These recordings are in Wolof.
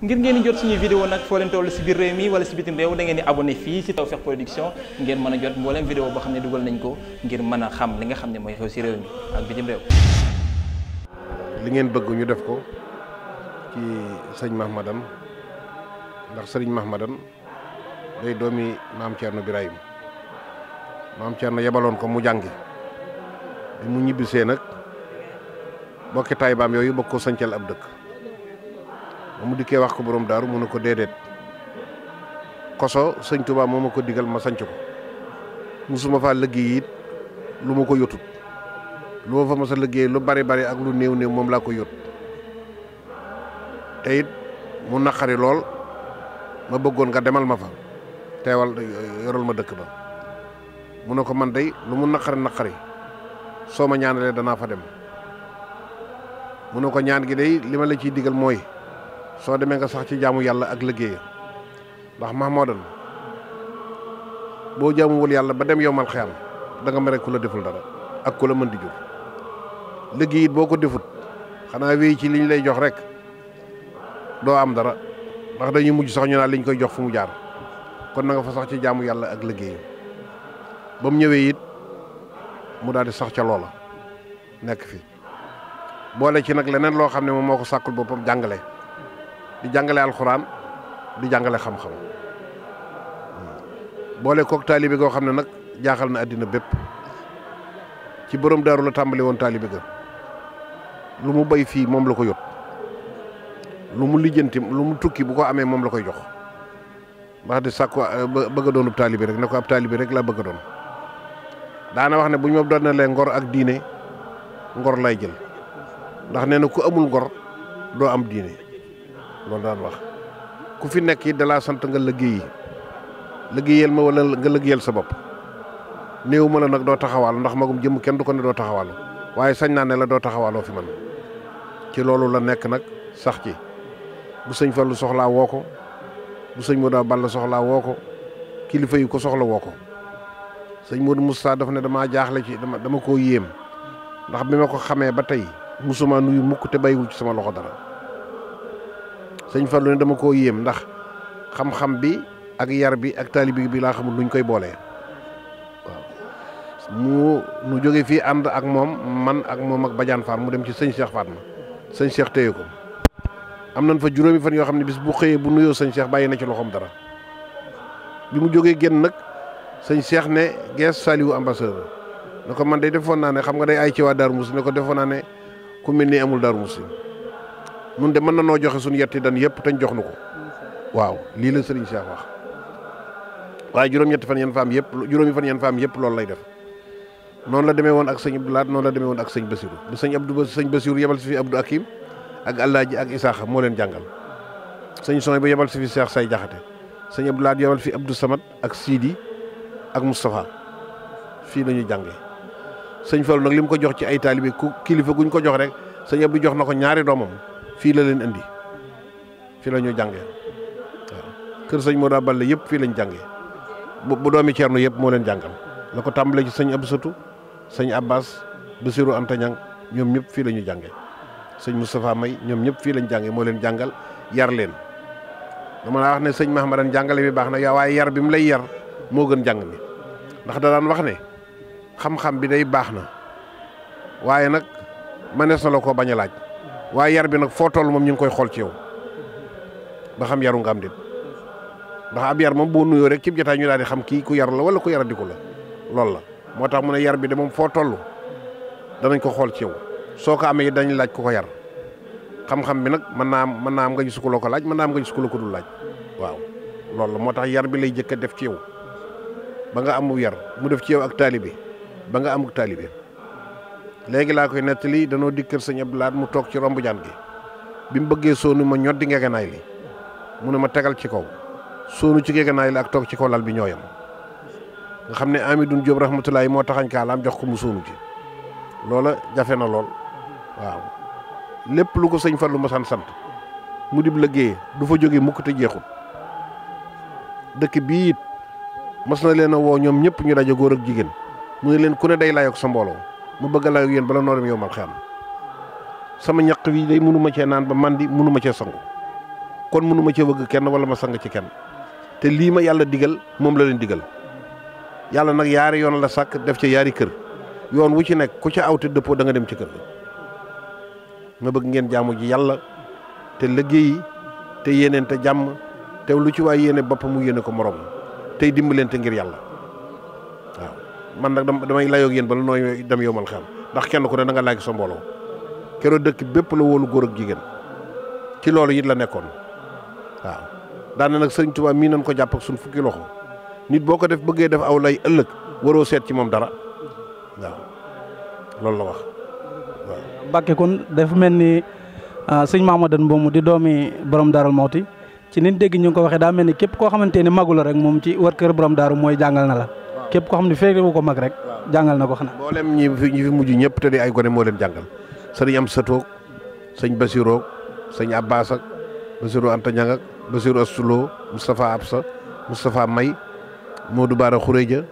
ngir ngeen jot suñuy vidéo nag foo leen toll si biir réew mi wala si bitim réew da ngeen di abonné fii si Tawfekh Production ngeen mën a jot mbooleem vidéo boo xam ne dugal nañ ko ngir mën a xam li nga xam ne mooy xew si réew mi ak bitim réew li ngeen bëgg ñu def ko ci sëñ Mahmadan ndax sëriñ Mahmadan day doomi maam Thierno Birahim maam Thierno yebaloon ko mu jàngi bi mu ñibbisee nag bokki taay baam yooyu bokk ko sañcal ab dëkk ba mu dikkee wax ko borom daaru mun ne ko déedéet koso sëñ Tuubaa moo ma ko digal ma sanc ko musuma faa liggéey lu ma ko yotut lu ma fa mos a liggéey lu bari bari ak lu néew néew moom laa ko yot te mu naqari lool ma bëggoon nga demal ma fa teewal yoral ma dëkk ba mu ne ko man day lu mu naqari naqari soo ma ñaanalee danaa fa dem mu ne ko ñaan gi day li ma la ciy digal mooy soo demee nga sax ci jaamu yàlla ak liggéey ndax moo mahmoodan boo jaamuwul yàlla ba dem yow xiyam danga nga mere ku la deful dara ak ku la mën di jur liggéey boo ko defut xanaa wéy ci liñ ñu lay jox rek doo am dara ndax dañuy mujj sax ñu naan liñ koy jox fu mu jaar kon na fa sax ci jaamu yàlla ak liggéey ba mu ñëwee it mu daal di sax ca loola nekk fi boole ci nag leneen loo xam ne moom moo ko sàkkul boppam jàngale di jàngale alxuraan di jàngale xam-xam hmm. boole kook taalibe goo xam ne nag jaaxal na àddina bépp ci borom daaru la tàmbali woon taalibe ga lu mu bay fii moom la ko yót lu mu lijjanti lu mu tukki bu ko amee moom la koy jox ndax di sàkku eh, bëgg a doonub taalibe rek ne ko ab taalibe rek laa bëgg a doon daana wax ne bu ñu na doonalee ngor ak diine ngor lay jël ndax nee na ku amul ngor doo am diine loolu daal wax ku fi nekk it dalaa sant nga liggéey liggéeyal ma wala nga liggéeyal sa bopp néew ma la nag doo taxawaalu ndax magum jëmm kenn du ko ne doo taxawaalu waaye sañ naa ne la doo taxawaaloo fi man ci loolu la nekk nag sax ci bu sëñ Fallu soxlaa woo ko bu sëñ daa Balla soxlaa woo ko kilifa yi ko soxla woo ko sëñ Modou Moustapha dafa ne damaa jaaxle ci dama dama koo yéem ndax bi ma ko xamee ba tey musuma nuyu mukk te bàyyiwu ci sama loxo dara sëñ Fallou ne dama koo yéem ndax xam-xam bi ak yar bi ak taalibi bi laa xamul nuñ koy boolee waaw mu nu jóge fii ànd ak moom man ak moom ak bajaan faam mu dem ci sëñ Cheikh ma sëñ Cheikh téye ko am na nañ fa juróomi fan yoo xam ne bis bu xëyee bu nuyoo sëñ Cheikh bàyyi na ci loxoom dara bi mu jógee génn nag sëñ Cheikh ne gees Saliou ambassadeur ne ko man day defoon naa ne xam nga day ay ci waa Darou Moussi ne ko defoon naa ne ku mel ni amul Darou Moussi nun de mën na noo joxe suñu yetti dan yëpp tañ jox nu ko waaw lii la sëriñ Cheikh wax waaye juróom-ñetti fan yeen faam yëpp juróomi fan yeen faam yëpp loolu lay def noonu la demee woon ak sëñ Abdou Lahad noonu la demee woon ak sëñ Basiru bu sëñ Abdou sëñ Basiru yebal si fi Abdou Akim ak Alaaji ak Isaaxa moo leen jàngal sëñ Soy bu yebal si fi Cheikh Say Jaxate sëñ Abdou Lahad yebal fi Abdou Samad ak Sidi ak Moustapha fii la ñu sëñ Fallu nag li mu ko jox ci ay taalibe ku kilifa guñ ko jox rek sëñ Abdou jox na ko ñaari doomam fii la leen indi fii la ñu jàngee kër sëñ moo Balla yëpp fii lañ jànge bu bu doomi Ceerno yëpp moo leen jàngal la ko tàmbalee ci sëñ Absatu sëñ Abbas Basiru Anta Ñang ñoom ñëpp fii la ñu jàngee sëñ Moustapha May ñoom ñëpp fii lañ jàngee moo leen jàngal yar leen dama laa wax ne sëñ Mahamadan jàngale bi baax na yaa waaye yar bi mu lay yar moo gën jàng mi ndax da wax ne xam-xam bi day baax na waaye nag mënees na la koo bañ a laaj waaye yar bi nag foo toll moom ñu ngi koy xool ciw ba xam yaru nga am déet ndax ab yar moom boo nuyoo rek cib jotaay ñu daan di xam kii ku yar la wala ku yaradiku la loolu la moo tax mu ne yar bi de moom foo toll danañ ko xool ci yow soo ko amee dañ laaj ku ko yar xam bi nag mën naa am mën naa am nga gis ku la ko laaj mën naa am nga gis ku la waaw loolu la moo tax yar bi lay jëkk a def ci yow ba nga amu yar mu def ci yow ak taalibe ba nga amuk taalibe léegi laa koy nettali danoo dikk kër sëñ Abdou mu toog ci romb jaan gi bi mu bëggee soonu ma di ngegenaay li mu ne ma tegal ci kaw soonu ci ngegenaay li ak toog ci kow lal bi ñooyam nga xam ne Amidou Diop rahmatulahi moo taxañ kaalaam jox ko mu soonu ci loola jafe na lool waaw lépp lu ko sëñ Fallou Massane sant mu dib liggéey du fa jóge mu te jeexul dëkk bii it mas na leen a woo ñoom ñëpp ñu daje góor ak jigéen mu ne leen ku ne day layoog sa mbooloo. mu bëgg laa yéen bala noo dem yow mal xam sama ñaq wi day mënuma cee naan ba man di mënuma cee sangu kon mënuma cee bëgg kenn wala ma sang ci kenn te lii ma yàlla digal moom la leen digal yàlla nag yaari yoon la sàkk def ca yaari kër yoon wu ci nekk ku ca awte dëppoo da nga dem ci kër ma bëgg ngeen jaamu ji yàlla te liggéey te yéeneen te jàmm te lu ci waay yéene bopp mu yéene ko morom tey dimbalante ngir yàlla man nag damay layoo yéen ba la nooy dem yomal xam ndax kenn ko ne da nga laaj sa keroo keroog dëkk bépp la woolu góor ak jigéen ci loolu it la nekkoon waaw daane nag sëriñ Tuubaa mii nañ ko jàpp ak suñ fukki loxo nit boo ko def bëggee def aw lay ëllëg waroo seet ci moom dara waaw la wax waaw Mbàkke kon dafa mel ni ah, sëñ Mamadou Mbomu di doomi borom Daaru Mawti ci niñ dégg ñu ngi ko waxe daa mel ni képp koo xamante ni magul rek moom ci wër kër borom daaru mooy jàngal na la képp ko xam ne fekke ko mag rek jàngal na ko xanaa. mboolem ñi fi mujj ñëpp te di ay gone moo leen jàngal sëriñ am satoog sëñ Basiroo sëñ Abbas ak Basiroo Anta Ñang ak Basiroo Asuloo Moustapha Absa Moustapha May du Bara Khourédia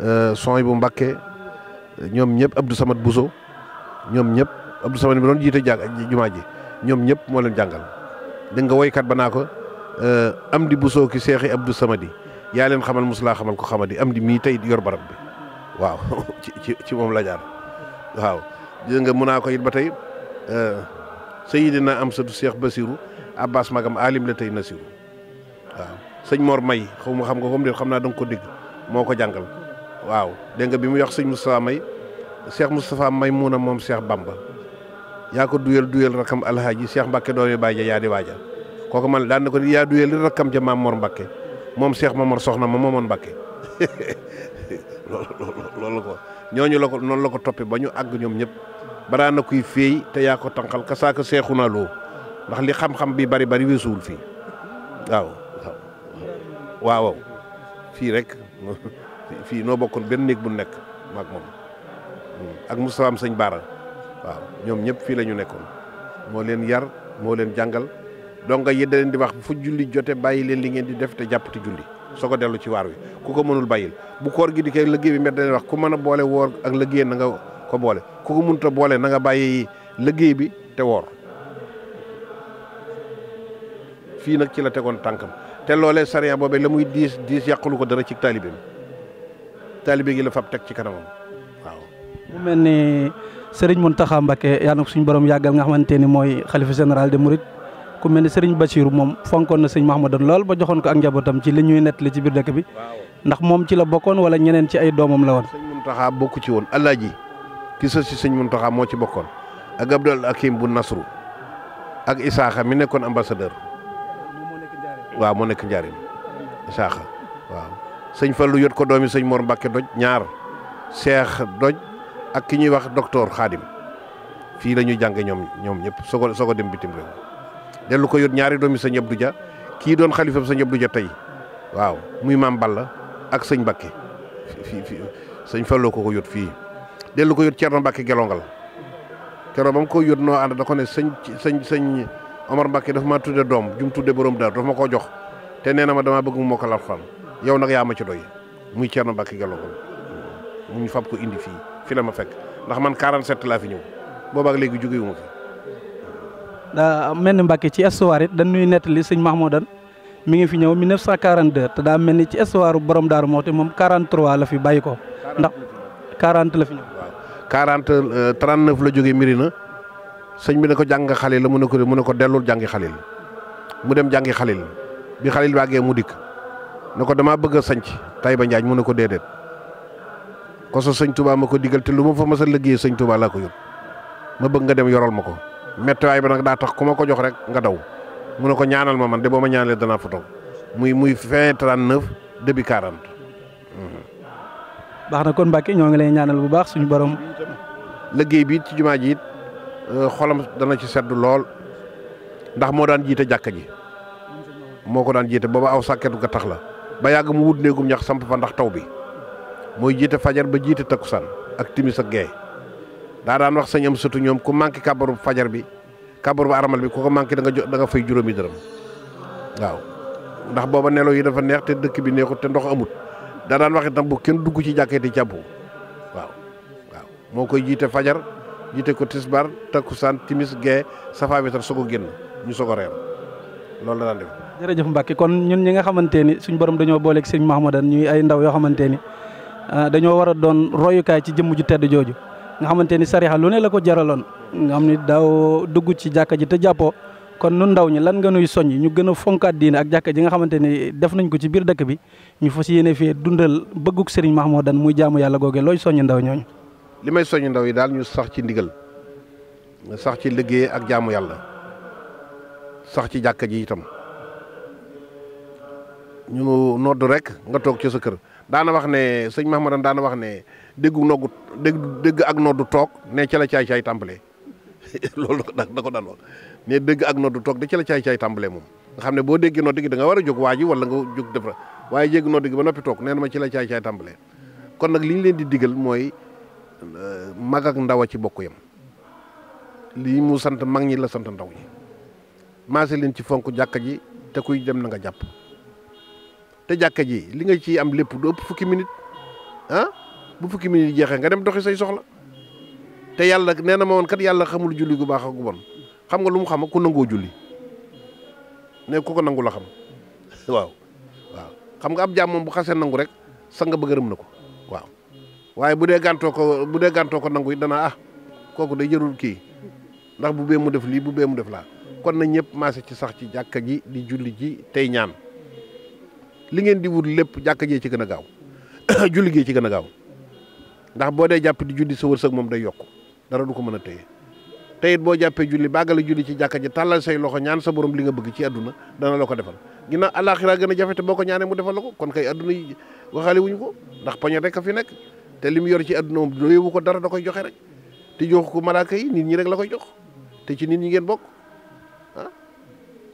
euh, son bu Mbakke ñoom ñëpp Abdou Samad Bousso ñoom ñëpp Abdou Samad bi doon jiite jàng jumaa ji ñoom ñëpp moo leen jàngal dégg nga woykat ba naa ko euh, am di Bousso ki seexi Abdou Samadi yaa leen xamal musulaa xamal ko xamadi am di mii di yor barab bi waaw ci ci ci moom la jaar waaw dégg nga mun naa ko it ba tey euh, na am satu Cheikh Basiru Abbas magam alim la tey Nasiru waaw sëñ Mor May xaw ma xam nga comme de xam naa da nga ko dégg moo ko jàngal waaw dégg nga bi mu yax sëñ Moustapha May Cheikh Moustapha May muuna moom Cheikh Bamba yaa ko duyal duyal rakam alhaaji Cheikh Mbacke doole baaja yaa di waaja kooku man daan na ko yaa duyal li rakkam ja maam Mor moom Cheikh Momar soxna ma moomoon Mbàkke loolu la ko ñooñu la ko noonu la ko toppee ba ñu àgg ñoom ñépp baraa na kuy féey te yaa tanqal tànqal kasaaka seexu naa loo ndax li xam-xam bi bari bari weesuwul fii waaw waaw waaw fii rek fii noo bokkoon ben néeg bu nekk maag moom ak Moustapha am sëñ Baara waaw ñoom ñëpp fii la ñu nekkoon moo leen yar moo leen jàngal donc yi da leen di wax fu julli jote bàyyi leen li ngeen di def te jàpp te julli soo ko dellu ci waar wi ku ko mënul bàyyil bu koor gi di kee liggéey bi met dañuy wax ku mën a boole woor ak liggéey na nga ko boole ku ko mënut a boole nanga bàyyi lëggéey bi te woor fii nag ci la tegoon tànkam te loole sariya boobee la muy diis diis yàqulu ko dara ci taalibe bi taalibe gi la fab teg ci kanamam waaw. mu mel ni Serigne Mountakha Mbacké yàlla na ko suñu borom yàggal nga xamante ni mooy xalifa général de Mouride. ku mel ni Serigne Bachirou moom fonkoon na sëñ Mahmoudan lool ba joxoon ko ak njabootam ci li ñuy nettali ci biir dëkk bi ndax moom ci la bokkoon wala ñeneen ci ay doomam la woon. sëñ Mountakha bokku ci woon Alaaji ki sës si sëñ Mountakha moo ci bokkoon ak Abdul Hakim bu Nasru ak Isaaxa mi nekkoon ambassadeur waaw moo nekk Njaareem Isaaxa waaw sëñ Fallou yot ko doomi sëñ moor mbakke doj ñaar Seex doj ak ki ñuy wax docteur Khadim fii la ñuy ñoom ñoom ñëpp soog a soog dem bitim réew dellu ko yót ñaari doomi sëñ Abdou ja kii doon xalifam sëñ Abdou ja tey waaw muy maam Balla ak sëñ Mbakke fii fii sëñ Fallou ko ko yót fii dellu ko yót Thierno Mbakke gelongal keroog ba mu ko yót noo ànd da ko ne sëñ sëñ sëñ Omar Mbakke dafa ma tudde doom jum tudde borom daal dafa ma koo jox te nee na ma damaa bëgg mu mokkal alxuraan yow nag yaa ma ci doy muy Thierno Mbakke gelongal mu ñu fab ko indi fii fi la ma fekk ndax man 47 laa fi ñëw boobaak léegi jóge wu daa mel ni Mbàkke ci histoire it dañuy nettali sëñ Mahmoudan mi ngi fi ñëw 1942 te daa mel ni ci histoire borom Daaru Muxti moom 43 la fi bàyyi ko ndax 40 la fi ñëw. 40 39 euh, la jógee Mirina sëñ bi ne ko jàng xalil la mu ne ko mu ne ko dellul jàngi xalil mu dem jàngi xalil bi xalil waagee mu dikk ne ko damaa bëgg a sanc ba Njaañ mu ne ko déedéet ko sa sëñ tubaa ma ko digal te lu ma fa mas a liggéey sëñ Touba ko yóbbu ma bëgg nga dem yoral ma ko. mettiwaay ba nag daa tax ku ma ko jox rek nga daw mu ne ko ñaanal ma man de boo ma ñaanalee dana fa toog muy muy fin 39 début 40. baax na kon Mbacke ñoo ngi lay ñaanal bu baax suñu borom. liggéey bi ci jumaa ji it euh, dana ci sedd lool ndax moo daan jiite jàkka ji moo ko daan jiite booba aw sàkketu ga tax la ba yàgg mu wut néegum ñax samp fa ndax taw bi mooy jiite fajar ba jiite takkusaan ak timis ak gee daa daan wax sëñ am sëtu ñoom ku manqué kabaru fajar bi kabaru bu aramal bi ku ko manqué da nga da nga fay juróomi dërëm waaw ndax booba nelaw yi dafa neex te dëkk bi neexut te ndox amut daa daan wax itam bu kenn dugg ci jàkkee te jàppu waaw moo koy jiite fajar jiite ko tisbar takkusaan timis gee safa witar soog génn ñu soog a reer loolu la daan def jërëjëf Mbacke kon ñun ñi nga xamante ni suñ borom dañoo booleeg sëñ Mahamadan ñuy ay ndaw yoo xamante ni ah, dañoo war a doon royukaay ci jëmm ju tedd jooju nga xamante ni sariha lu ne la ko jaraloon nga xam ni daaw dugg ci jàkka ji te jàppoo kon nun ndaw ñi lan nga nuy soññ ñu gën a fonkaat diine ak jàkka ji nga xamante ni def nañ ko ci biir dëkk bi ñu fas yéene fee dundal bëgguk sëriñ dan muy jaamu yàlla googe looy soññ ndaw ñooñ li may soññ ndaw yi daal ñu sax ci ndigal sax ci liggéey ak jaamu yàlla sax ci jàkka ji itam ñu noddu rek nga toog ci sa kër daana wax ne sëñ Mahmoudan daana wax ne. déggu noggu dégg dégg ak noddu toog ne ca la caay caay tàmbalee loolu da ko daan wax ne dégg ak noddu toog de ca la caay caay tàmbalee moom nga xam ne boo déggee noddu gi da nga war a jóg waa ji wala nga jóg def ra waaye jéggi noddu gi ba noppi toog nee na ma ci caay caay tàmbalee kon nag li ñu leen di diggal mooy euh, mag ak ndaw a ci bokk yam lii mu sant mag ñi la sant ndaw ñi maase leen ci fonk jàkk ji te kuy dem na nga jàpp te jàkk ji li nga ci am lépp du ëpp fukki minute ah? bu fukki minit yi jeexee nga dem doxi say soxla te yàlla nee na ma woon kat yàlla xamul julli gu baax ak gu bon xam nga lu mu xam ku nangoo julli ne ko nangu la xam nga ab jaam bu xasee nangu rek sa nga bëgg rëm na ko waaw waaye bu dee gantoo ko bu dee gàntoo ko nangu it ah kooku day jërul kii ndax bu bee mu def lii bu bee mu def laa kon na ñëpp maase ci sax ci jàkka ji di julli ji tey ñaan li ngeen di wut lépp jàkka jee ci gën a gaaw julli gee ci gën a gaaw ndax boo dee jàpp di julli sa wërsëg moom day yokku dara du ko mën a téye te it boo jàppee julli bàggale julli ci jàkka ji tàllal say loxo ñaan sa borom li nga bëgg ci àdduna dana la ko defal ginnaaw àllaaxira gën a jafe te boo ko ñaanee mu defal la ko kon kay àdduna yi waxaale wuñu ko ndax poñe rek a fi nekk te li mu yor ci àdduna moom doyewu ko dara da koy joxe rek te jox ko malaaka yi nit ñi rek la koy jox te ci nit ñi ngeen bokk ah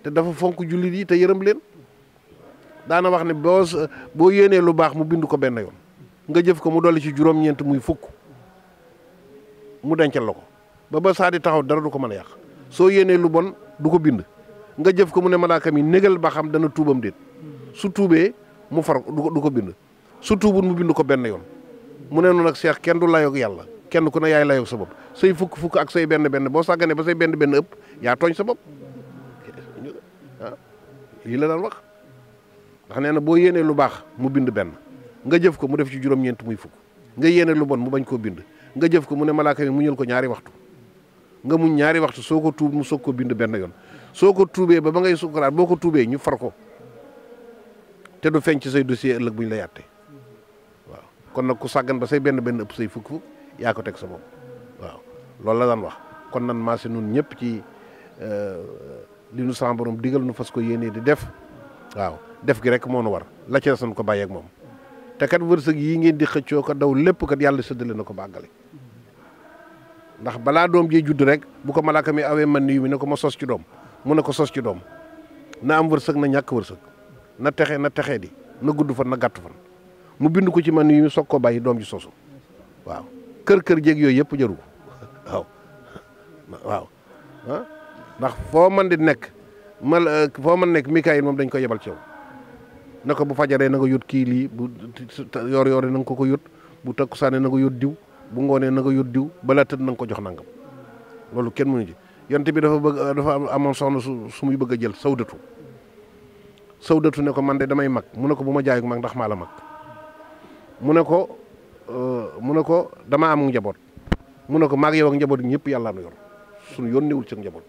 te dafa fonk jullit yi te yërëm leen daana wax ne boo boo yéenee lu baax mu bind ko benn yo nga jëf ko mu dolli ci juróom-ñeent muy fukk mu dencal la ko ba ba saa taxaw dara du ko man a yàq soo yéenee lu bon du ko bind nga jëf ko mu ne malaaka mi négal ba xam dana tuubam déet su tuubee mu far du ko bind su tuubul mu bind ko benn yoon mu ne noonu ak seex kenn du layoog yàlla kenn ku ne yaay layoog sa bopp say fukk fukk ak say benn benn boo sàgganee ba say benn benn ëpp yaa tooñ sa bopp ah lii la daan wax ndax nee na boo yéenee lu baax mu bind benn nga jëf ko mu def ci juróom-ñeent muy fukk nga yéene lu bon mu bañ koo bind nga jëf ko mu ne malaaka mi muñal ko ñaari waxtu nga muñ ñaari waxtu soo ko tuub mu soog ko bind benn yoon soo ko tuubee ba ba ngay sukkuraat boo ko tuubee ñu far ko te du feeñ ci say dossier ëllëg bu ñu la yàtte waaw kon nag ku sàggan ba say benn benn ëpp fukk yaa ko teg sa bopp waaw loolu la wax kon nan maase nun ñëpp ci euh, li nu sama borom digal nu fas ko yéenee di def waaw def gi rek moo nu war la ca san ko bàyyeeg moom te kat wërsëg yii ngeen di xëccoo ko daw lépp kat yàlla sëddale na ko bàggale ndax balaa doom jee judd rek bu ko malaaka mi awee man yu mi ne ko ma sos ci doom mu ne ko sos ci doom na am wërsëg na ñàkk wërsëg na texe na texe di na gudd fan na gàttu fan mu bind ko ci man yu mi soog koo bay doom ji sosu waaw kër kër jéeg yooyu yëpp jaru waaw waaw ah. ndax foo man di nekk mal euh, foo man nekk Mikaayil moom dañ koy yebal ci na bu fajaree na nga yót kii lii bu yor yor na nga ko ko yót bu takkusaane na nga yót diw bu ngoonee na nga yót diw balaa tëdd na nga ko jox nangam loolu kenn mënu ci yonent bi dafa bëgg dafa amoon soxna su su muy bëgg a jël sawdatu sawdatu ne ko man de damay mag mu ne ko bu ma jaayug mag ndax maa la mag mu ne ko euh, mu ne ko damaa am njaboot mu ne ko mag yow ak njaboot ñëpp yàlla na yor suñu yónneewul ci njaboot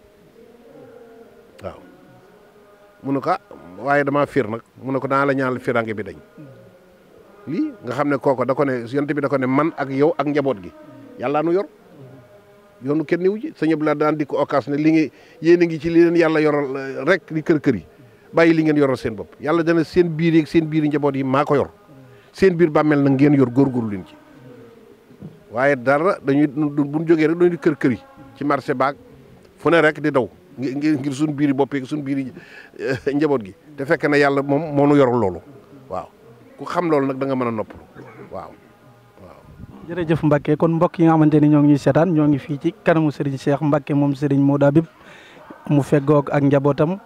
mu ne ko ah waaye damaa fiir nag mu ne ko naa la ñaanal firange bi dañ lii nga xam ne kooko da ko ne yonent bi da ko ne man ak yow ak njaboot gi yàllaa nu yor yoonu kenn wu ci sëñ la daan di ko okaas ne li ngi yéen a ngi ci yàlla yoral eh, rek di kër kër yi bàyyi li ngeen yoral seen bopp yàlla dana seen biir yeeg seen biir njaboot yi maa ko yor seen biir bàmmeel na ngeen yor góorgóorlu leen ci waaye dara dañuy bu ñu jógee rek dañuy kër kër yi ci marché baag fu ne rek di daw ngir ngir suñ biiri bopp yeeg suñ biiri eh, njaboot gi te fekk na yàlla moom moo nu yorul loolu waaw ku xam loolu nag da nga mën a noppalu waaw waaw jërëjëf Mbacke kon mbokk yi nga xamante ni ñoo ngi seetaan ñoo ngi fii ci kanamu Serigne Cheikh Mbacke moom Serigne Modou Habib mu feggoog ak njabootam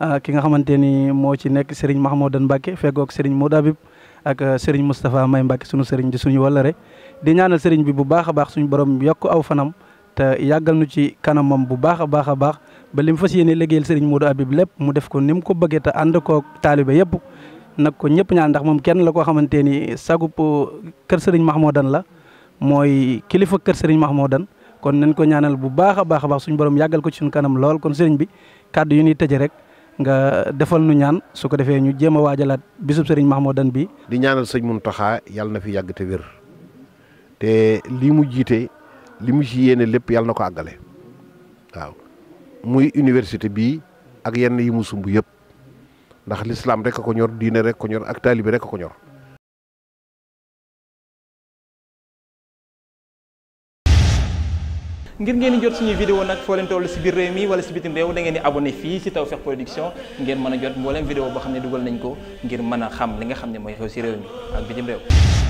ah, ki nga xamante ni moo ci nekk Serigne Mahmoudan Mbacke feggoog Serigne Modou Habib ak ah, Serigne Moustapha May Mbacke sunu Serigne di suñu rek di ñaanal Serigne bi bu baax a baax suñu borom yokk aw fanam te yàggal nu ci kanamam bu baax a baax a baax ba li mu fas yéene liggéeyal Serigne Modou Habib lépp mu def ko nim ko bëggee te ànd koo taalibe yëpp nag ko ñëpp ñaan ndax moom kenn la koo xamante ni sagub uh, kër Serigne dan la mooy kilifa kër Serigne dan kon nañ ko ñaanal bu baax a baax a baax suñu borom yàggal ko ci suñu kanam lool kon Serigne bi kàddu yu ñuy tëjee rek nga defal nu ñaan su ko defee ñu jéem a waajalaat bisub Serigne dan bi. di ñaanal sëñ Mountakha yàlla na fi yàgg te wér te mu jiite li mu ci lépp yàlla na ko àggale muy université bii ak yenn yi mu sumb yëpp ndax lislaam rek a ko ñor diine rek ko ñor ak taalibe rek a ko ñor ngir ngeen jot suñuy vidéo nag foo leen toll si biir réew mi wala si bitim réew da ngeen di abonné fii si Tawfekh Production ngeen mën a jot mbooleem vidéo boo xam ne dugal nañ ko ngir mën a xam li nga xam ne mooy xew si réew mi ak bitim réew